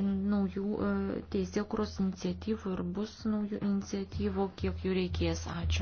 yra naujų e, teisėkuros iniciatyvų ir bus naujų iniciatyvų, kiek jų reikės. Ačiū.